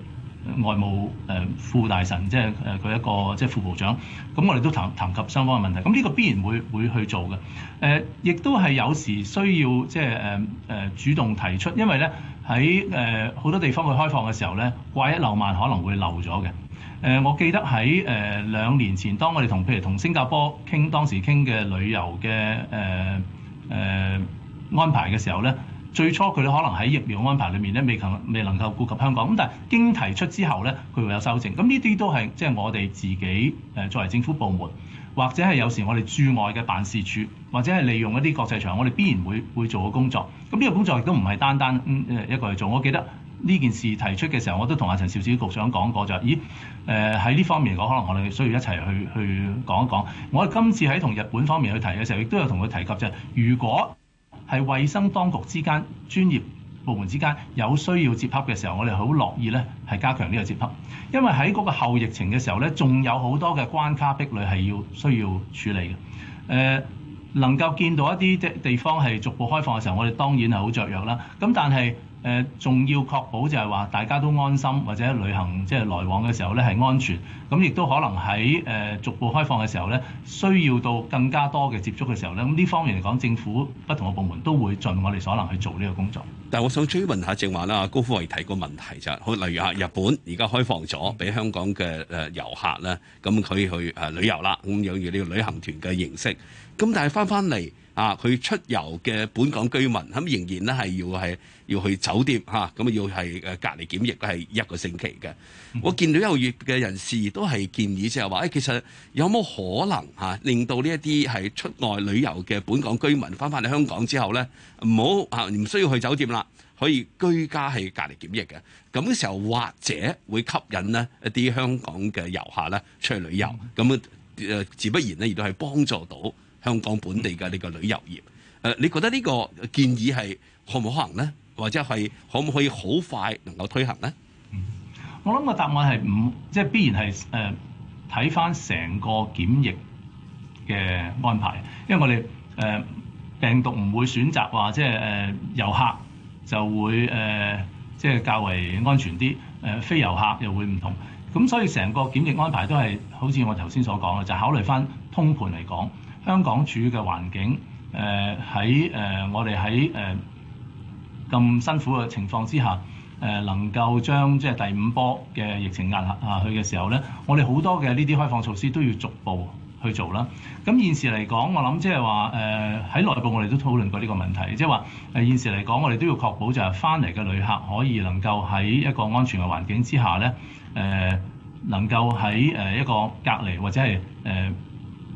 外務誒副大臣，即係誒佢一個即係副部長，咁我哋都談談及相關嘅問題，咁呢個必然會會去做嘅。誒、呃、亦都係有時需要即係誒誒主動提出，因為咧喺誒好多地方去開放嘅時候咧，掛一漏萬可能會漏咗嘅。誒、呃，我記得喺誒、呃、兩年前，當我哋同譬如同新加坡傾當時傾嘅旅遊嘅誒誒安排嘅時候咧。最初佢哋可能喺疫苗安排裏面咧未能未能夠顧及香港，咁但係經提出之後咧，佢會有修正。咁呢啲都係即係我哋自己誒作為政府部門，或者係有時我哋駐外嘅辦事處，或者係利用一啲國際場，我哋必然會會做嘅工作。咁呢個工作亦都唔係單單誒一個去做。我記得呢件事提出嘅時候，我都同阿陳肇始局長講過，就係，咦誒喺呢方面嚟講，可能我哋需要一齊去去講一講。我哋今次喺同日本方面去提嘅時候，亦都有同佢提及就係如果係衞生當局之間、專業部門之間有需要接洽嘅時候，我哋好樂意咧係加強呢個接洽，因為喺嗰個後疫情嘅時候咧，仲有好多嘅關卡壁壘係要需要處理嘅。誒、呃，能夠見到一啲即地方係逐步開放嘅時候，我哋當然係好雀躍啦。咁但係，誒仲、呃、要確保就係話大家都安心，或者旅行即係來往嘅時候咧係安全。咁亦都可能喺誒、呃、逐步開放嘅時候咧，需要到更加多嘅接觸嘅時候咧。咁呢方面嚟講，政府不同嘅部門都會盡我哋所能去做呢個工作。但係我想追問下正話啦，高科委提個問題就好例如啊，日本而家開放咗俾香港嘅誒遊客咧，咁佢去誒旅遊啦。咁有如呢個旅行團嘅形式，咁但係翻翻嚟。啊，去出遊嘅本港居民，咁、啊、仍然咧係要係要去酒店嚇，咁啊要係誒隔離檢疫係一個星期嘅。嗯、我見到旅遊業嘅人士都係建議就，就係話，誒其實有冇可能嚇、啊、令到呢一啲係出外旅遊嘅本港居民翻返嚟香港之後呢？唔好嚇唔需要去酒店啦，可以居家係隔離檢疫嘅。咁時候或者會吸引呢一啲香港嘅遊客呢出去旅遊，咁誒、嗯呃、自不然呢，亦都係幫助到。香港本地嘅呢個旅遊業，誒，你覺得呢個建議係可唔可能咧？或者係可唔可以好快能夠推行咧、嗯？我諗個答案係唔即係必然係，誒睇翻成個檢疫嘅安排，因為我哋誒、呃、病毒唔會選擇話，即係誒遊客就會誒即係較為安全啲誒、呃、非遊客又會唔同咁，所以成個檢疫安排都係好似我頭先所講嘅，就是、考慮翻通盤嚟講。香港處嘅環境，誒喺誒我哋喺誒咁辛苦嘅情況之下，誒、呃、能夠將即係、就是、第五波嘅疫情壓下下去嘅時候咧，我哋好多嘅呢啲開放措施都要逐步去做啦。咁、嗯、現時嚟講，我諗即係話誒喺內部我哋都討論過呢個問題，即係話誒現時嚟講，我哋都要確保就係翻嚟嘅旅客可以能夠喺一個安全嘅環境之下咧，誒、呃、能夠喺誒一個隔離或者係誒，呃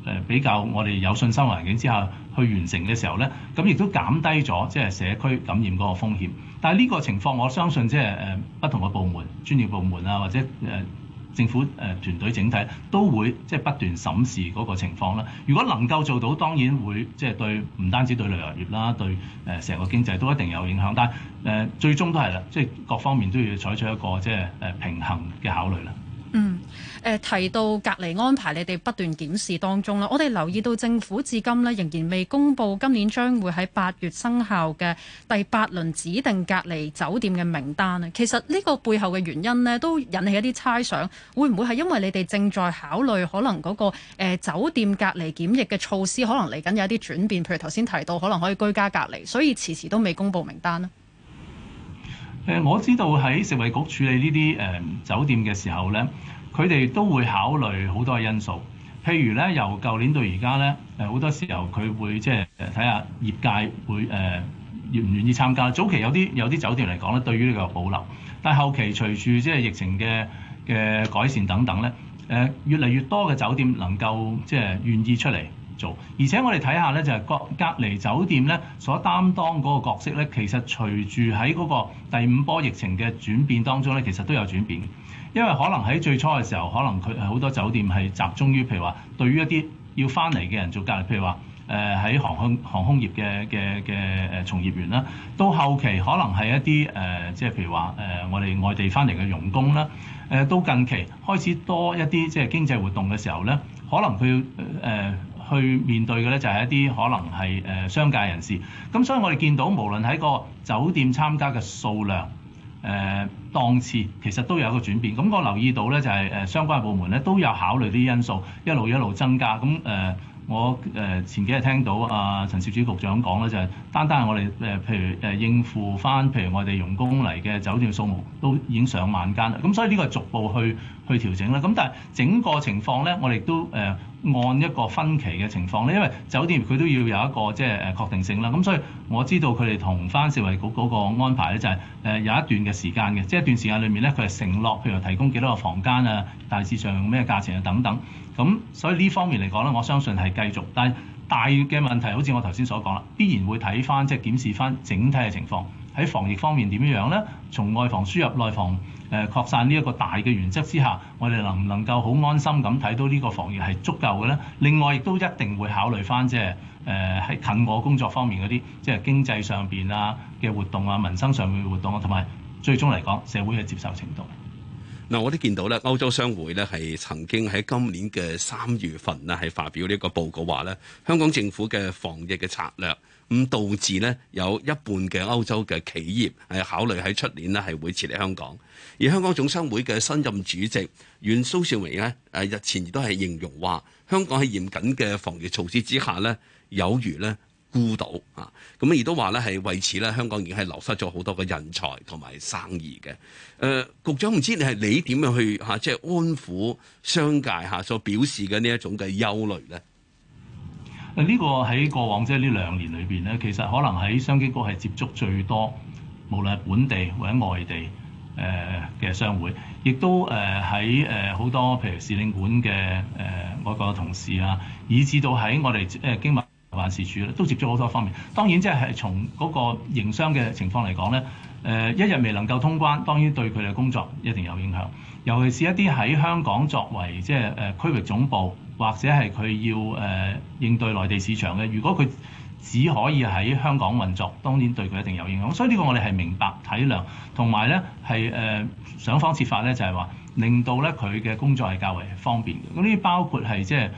誒比較我哋有信心嘅環境之下，去完成嘅時候呢，咁亦都減低咗即係社區感染嗰個風險。但係呢個情況，我相信即係誒不同嘅部門、專業部門啊，或者誒政府誒團隊整體都會即係不斷審視嗰個情況啦。如果能夠做到，當然會即係對唔單止對旅遊業啦，對誒成個經濟都一定有影響。但係、呃、最終都係啦，即係各方面都要採取一個即係誒平衡嘅考慮啦。嗯，誒、呃、提到隔離安排，你哋不斷檢視當中啦。我哋留意到政府至今呢仍然未公布今年將會喺八月生效嘅第八輪指定隔離酒店嘅名單啊。其實呢個背後嘅原因呢，都引起一啲猜想，會唔會係因為你哋正在考慮可能嗰、那個、呃、酒店隔離檢疫嘅措施可能嚟緊有一啲轉變？譬如頭先提到可能可以居家隔離，所以遲遲都未公布名單啦。誒我知道喺食衞局處理呢啲誒酒店嘅時候咧，佢哋都會考慮好多嘅因素。譬如咧，由舊年到而家咧，誒、呃、好多時候佢會即係誒睇下業界會誒、呃、願唔願意參加。早期有啲有啲酒店嚟講咧，對於呢個保留，但係後期隨住即係疫情嘅嘅改善等等咧，誒、呃、越嚟越多嘅酒店能夠即係、呃、願意出嚟。做。而且我哋睇下咧，就係、是、隔隔離酒店咧，所擔當嗰個角色咧，其實隨住喺嗰個第五波疫情嘅轉變當中咧，其實都有轉變。因為可能喺最初嘅時候，可能佢係好多酒店係集中於譬如話對於一啲要翻嚟嘅人做隔離，譬如話誒喺航空航空業嘅嘅嘅誒從業員啦，到後期可能係一啲誒即係譬如話誒、呃、我哋外地翻嚟嘅傭工啦，誒、呃、到近期開始多一啲即係經濟活動嘅時候咧，可能佢誒。呃去面對嘅咧就係一啲可能係誒商界人士，咁所以我哋見到無論喺個酒店參加嘅數量誒、呃、檔次，其實都有一個轉變。咁我留意到咧就係、是、誒相關部門咧都有考慮啲因素，一路一路增加。咁誒、呃、我誒、呃、前幾日聽到阿陳肇始局長講咧就係、是、單單係我哋誒譬如誒應付返譬如我哋傭工嚟嘅酒店數目都已經上萬間啦。咁所以呢個係逐步去。去調整咧，咁但係整個情況咧，我哋都誒按一個分歧嘅情況咧，因為酒店佢都要有一個即係誒確定性啦，咁所以我知道佢哋同翻食衞局嗰個安排咧，就係誒有一段嘅時間嘅，即係一段時間裏、就是、面咧，佢係承諾譬如提供幾多個房間啊，大致上咩價錢啊等等，咁所以呢方面嚟講咧，我相信係繼續，但係大嘅問題好似我頭先所講啦，必然會睇翻即係檢視翻整體嘅情況，喺防疫方面點樣咧？從外防輸入內防誒擴散呢一個大嘅原則之下，我哋能唔能夠好安心咁睇到呢個防疫係足夠嘅咧？另外亦都一定會考慮翻即係誒喺近我工作方面嗰啲即係經濟上邊啊嘅活動啊、民生上面嘅活動啊，同埋最終嚟講社會嘅接受程度。嗱、嗯，我都見到咧，歐洲商會呢係曾經喺今年嘅三月份呢係發表呢個報告話咧，香港政府嘅防疫嘅策略。咁導致咧有一半嘅歐洲嘅企業係考慮喺出年咧係會撤離香港，而香港總商會嘅新任主席阮蘇少湄咧誒日前亦都係形容話，香港喺嚴謹嘅防疫措施之下咧有如咧孤島啊，咁啊亦都話咧係為此咧香港已經係流失咗好多嘅人才同埋生意嘅。誒、呃、局長唔知你係你點樣去嚇即係安撫商界下所表示嘅呢一種嘅憂慮呢？呢個喺過往即係呢兩年裏邊咧，其實可能喺商經局係接觸最多，無論係本地或者外地誒嘅商會，亦都誒喺誒好多譬如使領館嘅誒外國同事啊，以至到喺我哋誒經貿辦事處咧，都接觸好多方面。當然即係從嗰個營商嘅情況嚟講咧，誒一日未能夠通關，當然對佢哋嘅工作一定有影響。尤其是一啲喺香港作為即係誒區域總部。或者係佢要誒、呃、應對內地市場嘅，如果佢只可以喺香港運作，當然對佢一定有影響。所以呢個我哋係明白體諒，同埋呢係誒想方設法呢就係話令到呢佢嘅工作係較為方便。咁呢包括係即係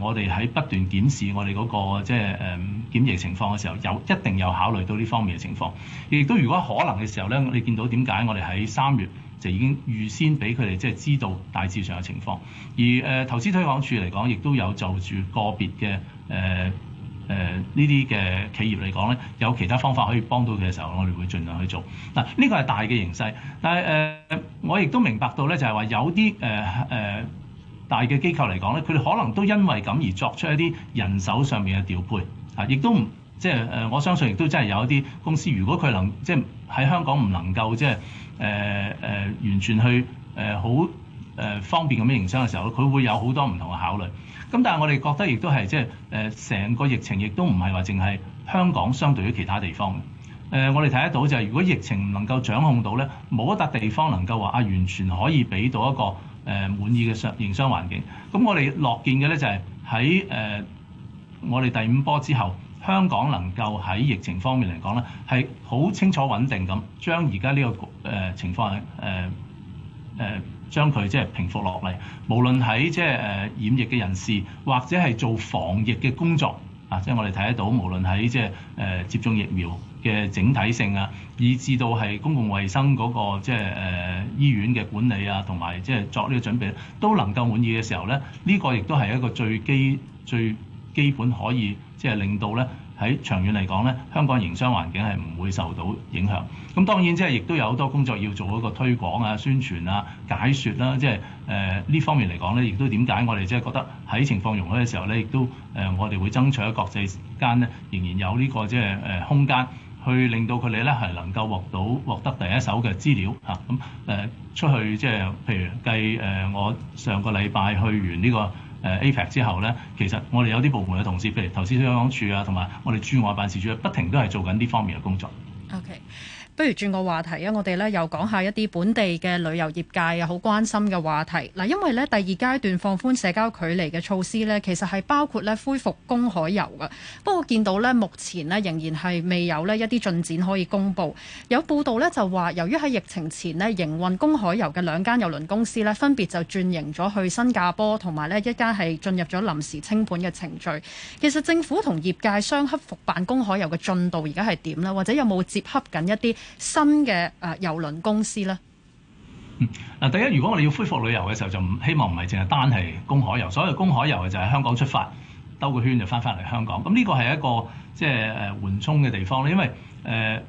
我哋喺不斷檢視我哋嗰個即係誒檢疫情況嘅時候，有一定有考慮到呢方面嘅情況。亦都如果可能嘅時候呢，你見到點解我哋喺三月，就已經預先俾佢哋即係知道大致上嘅情況，而誒投資推廣署嚟講，亦都有就住個別嘅誒誒呢啲嘅企業嚟講咧，有其他方法可以幫到佢嘅時候，我哋會盡量去做。嗱，呢個係大嘅形勢，但係誒、呃、我亦都明白到咧，就係話有啲誒誒大嘅機構嚟講咧，佢哋可能都因為咁而作出一啲人手上面嘅調配啊，亦都唔。即係誒，我相信亦都真係有一啲公司，如果佢能即係喺香港唔能夠即係誒誒完全去誒好誒方便咁樣營商嘅時候，佢會有好多唔同嘅考慮。咁但係我哋覺得亦都係即係誒成個疫情亦都唔係話淨係香港相對於其他地方誒、呃。我哋睇得到就係、是、如果疫情唔能夠掌控到咧，冇一笪地方能夠話啊，完全可以俾到一個誒、呃、滿意嘅商營商環境。咁我哋樂見嘅咧就係喺誒我哋第五波之後。香港能夠喺疫情方面嚟講咧，係好清楚穩定咁、呃，將而家呢個誒情況誒誒將佢即係平復落嚟。無論喺即係誒染疫嘅人士，或者係做防疫嘅工作啊，即係我哋睇得到，無論喺即係誒接種疫苗嘅整體性啊，以至到係公共衛生嗰個即係誒醫院嘅管理啊，同埋即係作呢個準備，都能夠滿意嘅時候咧，呢個亦都係一個最基最基本可以。即係令到咧喺長遠嚟講咧，香港營商環境係唔會受到影響。咁當然，即係亦都有好多工作要做，一個推廣啊、宣傳啊、解說啦。即係誒呢方面嚟講咧，亦都點解我哋即係覺得喺情況容許嘅時候咧，亦都誒、呃、我哋會爭取喺國際間咧，仍然有呢、這個即係誒空間，去令到佢哋咧係能夠獲到獲得第一手嘅資料嚇咁誒出去即係、就是、譬如計誒、呃、我上個禮拜去完呢、這個。誒、uh, APEC 之後咧，其實我哋有啲部門嘅同事，譬如投資香港處啊，同埋我哋駐外辦事處，不停都係做緊呢方面嘅工作。OK。不如轉個話題啊！我哋咧又講下一啲本地嘅旅遊業界又好關心嘅話題。嗱，因為咧第二階段放寬社交距離嘅措施呢，其實係包括咧恢復公海遊㗎。不過見到呢目前呢，仍然係未有呢一啲進展可以公布。有報道呢就話，由於喺疫情前呢，營運公海遊嘅兩間郵輪公司呢，分別就轉型咗去新加坡，同埋呢一間係進入咗臨時清盤嘅程序。其實政府同業界相克服辦公海遊嘅進度而家係點呢？或者有冇接洽緊一啲？新嘅誒遊輪公司咧，嗯、嗱，第一，如果我哋要恢復旅遊嘅時候，就希望唔係淨係單係公海遊，所謂公海遊就係香港出發，兜個圈就翻返嚟香港。咁、嗯、呢、呢個係一個即係誒緩衝嘅地方咧，因為誒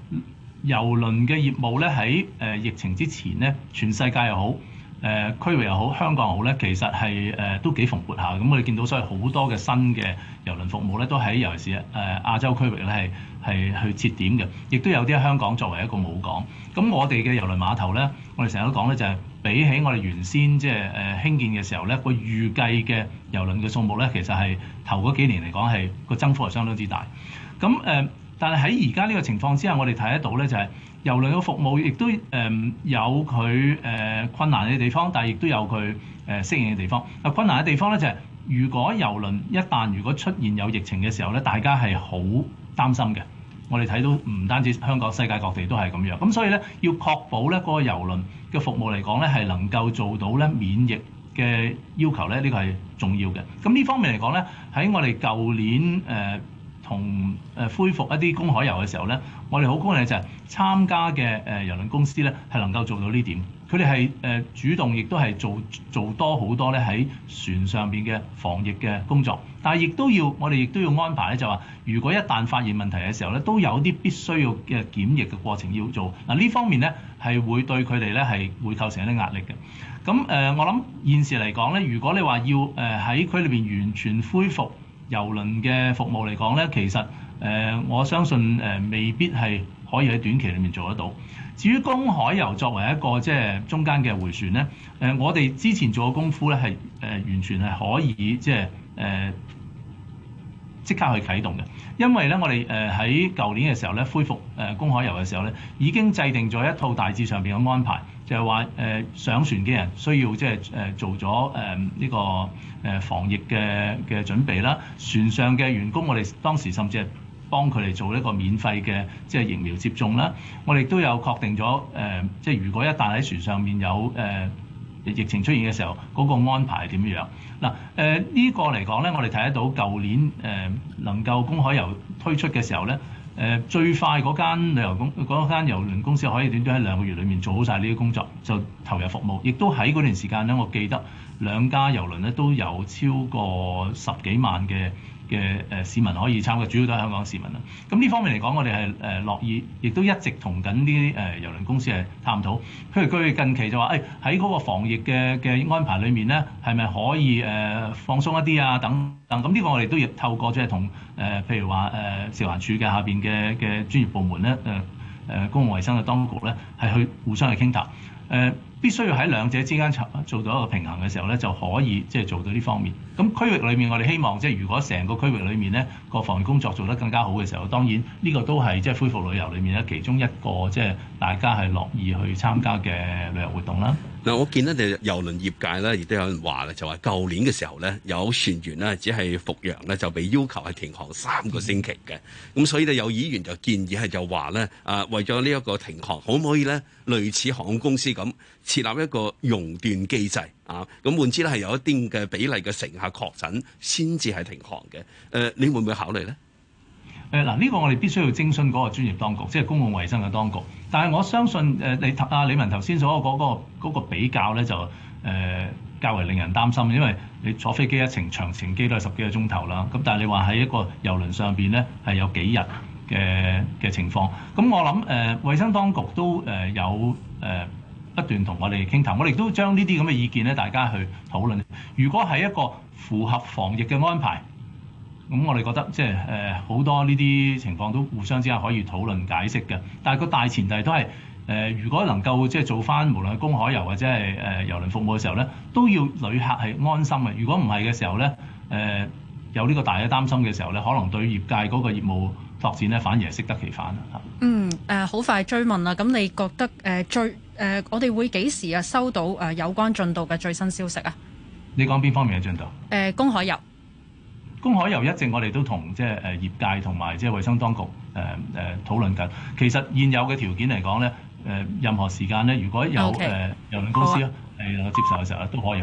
遊輪嘅業務咧喺誒疫情之前咧，全世界又好，誒、呃、區域又好，香港又好咧，其實係誒、呃、都幾蓬勃下嘅。咁我哋見到所以好多嘅新嘅遊輪服務咧，都喺尤其是誒亞洲區域咧係。係去設點嘅，亦都有啲喺香港作為一個母港。咁我哋嘅遊輪碼頭呢，我哋成日都講呢、就是，就係比起我哋原先即係誒興建嘅時候呢，個預計嘅遊輪嘅數目呢，其實係頭嗰幾年嚟講係個增幅係相當之大。咁誒、呃，但係喺而家呢個情況之下，我哋睇得到呢、就是，就係遊輪嘅服務亦都誒有佢誒、呃、困難嘅地方，但係亦都有佢誒、呃、適應嘅地方。啊，困難嘅地方呢、就是，就係如果遊輪一旦如果出現有疫情嘅時候呢，大家係好擔心嘅。我哋睇到唔單止香港，世界各地都係咁樣。咁所以呢，要確保呢個郵輪嘅服務嚟講呢，係能夠做到呢免疫嘅要求呢，呢個係重要嘅。咁呢方面嚟講呢，喺我哋舊年誒同、呃、恢復一啲公海遊嘅時候呢，我哋好高興就係參加嘅誒郵輪公司呢，係能夠做到呢點。佢哋係誒主動，亦都係做做多好多咧喺船上邊嘅防疫嘅工作，但係亦都要我哋亦都要安排咧，就話如果一旦發現問題嘅時候咧，都有啲必須要嘅檢疫嘅過程要做。嗱、啊、呢方面咧係會對佢哋咧係會構成一啲壓力嘅。咁誒、呃，我諗現時嚟講咧，如果你話要誒喺佢裏邊完全恢復郵輪嘅服務嚟講咧，其實誒、呃、我相信誒未必係可以喺短期裏面做得到。至於公海遊作為一個即係中間嘅迴旋咧，誒我哋之前做嘅功夫咧係誒完全係可以即係誒即刻去啟動嘅，因為咧我哋誒喺舊年嘅時候咧恢復誒公海遊嘅時候咧，已經制定咗一套大致上邊嘅安排，就係話誒上船嘅人需要即係誒做咗誒呢個誒防疫嘅嘅準備啦，船上嘅員工，我哋當時甚至係。幫佢哋做一個免費嘅即係疫苗接種啦，我哋都有確定咗誒、呃，即係如果一旦喺船上面有誒、呃、疫情出現嘅時候，嗰、那個安排點樣？嗱、呃、誒、呃、這個、呢個嚟講咧，我哋睇得到舊年誒、呃、能夠公海遊推出嘅時候咧，誒、呃、最快嗰間旅遊公嗰間遊輪公司可以短短喺兩個月裡面做好晒呢啲工作，就投入服務。亦都喺嗰段時間咧，我記得兩家遊輪咧都有超過十幾萬嘅。嘅誒市民可以參加，主要都係香港市民啦。咁呢方面嚟講，我哋係誒樂意，亦都一直同緊啲誒郵輪公司係探討。譬如佢近期就話：誒喺嗰個防疫嘅嘅安排裏面咧，係咪可以誒、呃、放鬆一啲啊？等等。咁呢個我哋都亦透過即係同誒，譬如話誒，食、呃、環署嘅下邊嘅嘅專業部門咧，誒、呃、誒，公共衞生嘅當局咧，係去互相去傾談誒。呃必須要喺兩者之間做到一個平衡嘅時候咧，就可以即係做到呢方面。咁區域裏面，我哋希望即係如果成個區域裏面咧，個防疫工作做得更加好嘅時候，當然呢個都係即係恢復旅遊裏面咧，其中一個，即係大家係樂意去參加嘅旅遊活動啦。嗱，我見到就郵輪業界咧，亦都有人話咧，就話舊年嘅時候咧，有船員呢，只係復陽咧，就被要求係停航三個星期嘅。咁所以咧，有議員就建議係就話咧，啊，為咗呢一個停航，可唔可以咧類似航空公司咁設立一個熔斷機制啊？咁換之咧係有一定嘅比例嘅乘客確診先至係停航嘅。誒、呃，你會唔會考慮咧？誒呢個我哋必須要徵詢嗰個專業當局，即係公共衞生嘅當局。但係我相信，誒你阿李文頭先所講嗰個嗰個比較咧，就誒、呃、較為令人擔心，因為你坐飛機一程長程機都係十幾個鐘頭啦。咁但係你話喺一個遊輪上邊咧，係有幾日嘅嘅情況。咁我諗誒，衞生當局都誒、呃、有誒、呃、不斷同我哋傾談，我哋亦都將呢啲咁嘅意見咧，大家去討論。如果係一個符合防疫嘅安排。咁、嗯、我哋覺得即係誒好多呢啲情況都互相之下可以討論解釋嘅，但係個大前提都係誒、呃，如果能夠即係做翻無論係公海遊或者係誒遊輪服務嘅時候咧，都要旅客係安心嘅。如果唔係嘅時候咧，誒、呃、有呢個大嘅擔心嘅時候咧，可能對業界嗰個業務拓展咧反而係適得其反啊。嗯，誒、呃、好快追問啦，咁你覺得誒、呃、最誒、呃、我哋會幾時啊收到誒有關進度嘅最新消息啊？你講邊方面嘅進度？誒、呃、公海遊。公海遊一直我哋都同即係誒業界同埋即係衛生當局誒誒、呃呃、討論緊，其實現有嘅條件嚟講咧，誒、呃、任何時間咧，如果有誒遊 Okay.、呃、輪公司能夠、啊哎、接受嘅時候，咧，都可以。